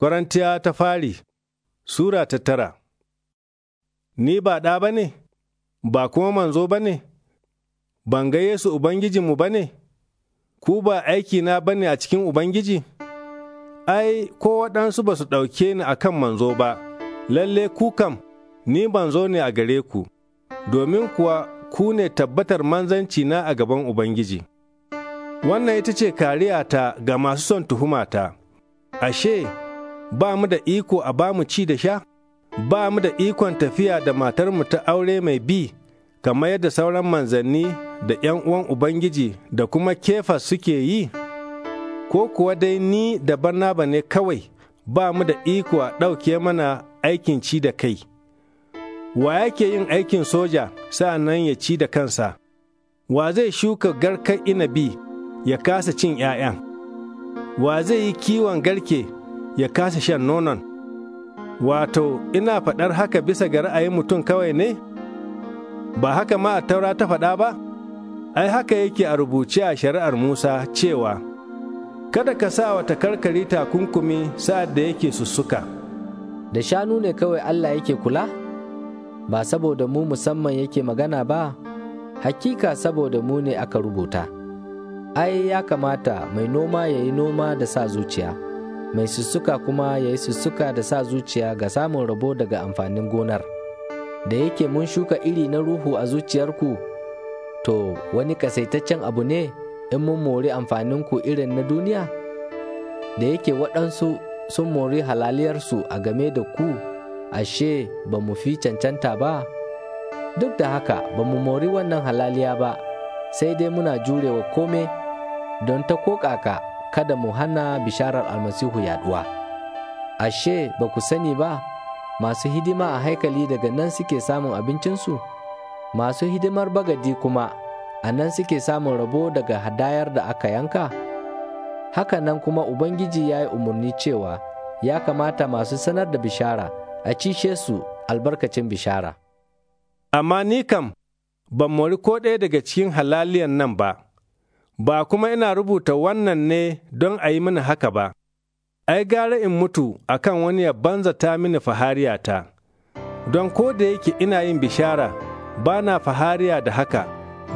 Korintiya ta fari Sura ta tara Ni ba ɗa ba ne, ba kuma manzo ba ne, ban ga Yesu Ubangijinmu ba ne, ku ba aikina ba ne a cikin Ubangiji? Ai, ko waɗansu ba su ɗauke ni a kan manzo ba, lalle ku kam, ni manzo ne a gare ku, domin kuwa ku ne tabbatar manzanci na a gaban Ubangiji. Wannan ita ce kariya ta ga masu son tuhumata. Ashe, ba mu da iko a ba mu ci da sha, ba mu da ikon tafiya da matarmu ta aure mai bi, kamar yadda sauran manzanni da ’yan uwan Ubangiji da kuma kefa suke yi, ko kuwa dai ni da ba ne kawai ba mu da iko a ɗauke mana aikin ci da kai. Wa yake yin aikin soja Sa nan ya ci da kansa, wa zai shuka garkar inabi ya kasa cin ‘ya'yan, wa zai yi kiwon garke ya kasa shan nonon. Wato, ina faɗar haka bisa ga ra'ayin mutum kawai ne? Ba haka ma a taura ta faɗa ba? Ai haka yake a rubuce a shari'ar Musa cewa, Kada ka sa wata karkari takunkumi sa'ad da yake sussuka. Da shanu ne kawai Allah yake kula? Ba saboda mu musamman yake magana ba, hakika saboda mu ne aka rubuta. ai ya kamata mai noma ya yi noma da sa zuciya. mai sussuka kuma ya yi sussuka da sa zuciya ga samun rabo daga amfanin gonar da yake mun shuka iri na ruhu a zuciyarku to wani kasaitaccen abu ne in mun mori amfaninku irin na duniya da yake waɗansu sun mori halaliyarsu a game da ku ashe ba mu fi cancanta ba duk da haka ba mu mori wannan halaliya ba sai dai muna jurewa kome don ta ko kaka kada mu hana bisharar almasihu yaduwa ashe ba ku sani ba masu hidima a haikali daga nan suke samun abincinsu masu hidimar bagadi kuma a nan suke samun rabo daga hadayar da aka yanka haka nan kuma ubangiji ya yi umarni cewa ya kamata masu sanar da bishara a cishe su albarkacin bishara amma ni kam ban mori ko ɗaya daga cikin halaliyan nan ba ba kuma ina rubuta wannan ne don a yi mini haka ba, ai gara in mutu a kan wani ya banza ta mini fahariyata, don ko da yake ina yin bishara ba na fahariya da haka,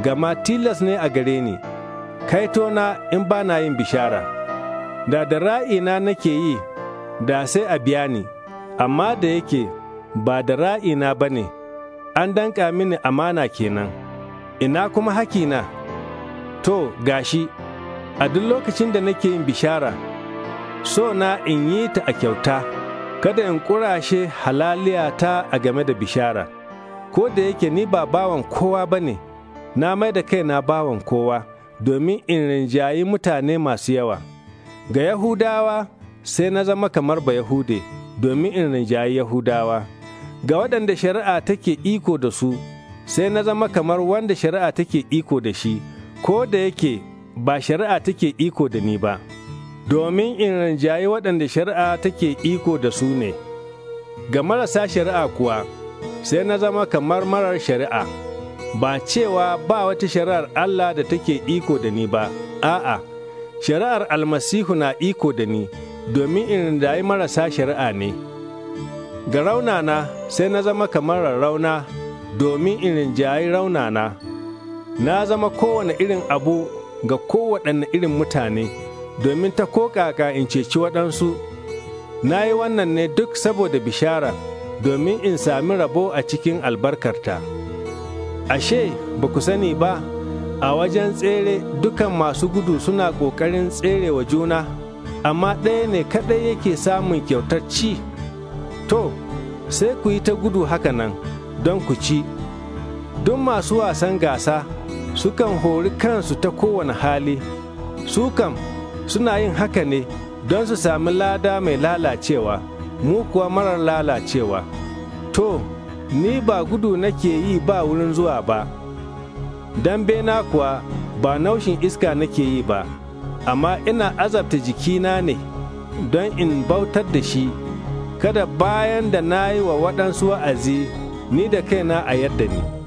gama tilas ne a gare ni, kaitona in ba na yin bishara, da da ra'ina nake yi, da sai a biya ni, amma da yake ba da ra'ina ba ne, an danka mini amana kenan, ina kuma hakina. To, gashi, a duk lokacin da nake yin bishara, so na in yi ta a kyauta, kada in ƙurashe ta a game da bishara, ko da yake ni ba bawan kowa ba ne, na mai da kai na bawan kowa, domin in rinjayi mutane masu yawa. Ga Yahudawa sai na zama kamar ba Yahude, domin in rinjayi Yahudawa. Ga waɗanda shari'a take iko da su, sai na zama kamar wanda shari'a take iko da shi. ko da yake ba shari'a take iko da ni ba, domin in rinjaye waɗanda shari'a take iko da su ne. Ga marasa shari'a kuwa, sai na zama kamar marar shari'a, ba cewa ba wata shari'ar Allah da take iko da ni ba, a'a, shari'ar almasihu na iko da ni, domin in rinjaye marasa shari'a ne. Ga raunana sai na zama kamar rauna domin in rinjaye raunana. na zama kowane irin abu ga kowaɗanne irin mutane domin ta kokaka in ceci waɗansu na yi wannan ne duk saboda bishara domin in sami rabo a cikin albarkarta ashe ba ku sani ba a wajen tsere dukan masu gudu suna ƙoƙarin tsere wa juna amma ɗaya ne kaɗai yake samun kyautar ci to sai ku yi ta gudu haka nan don ku ci don masu wasan gasa sukan hori kansu ta kowane hali, sukan suna yin haka ne don su sami lada mai lalacewa, mu kuwa marar lalacewa. To, ni ba gudu nake yi ba wurin zuwa ba, dambe na kuwa ba naushin iska nake yi ba, amma ina azabta jikina ne don in bautar da shi, kada bayan da na yi wa waɗansu wa'azi ni da kaina a yadda ni.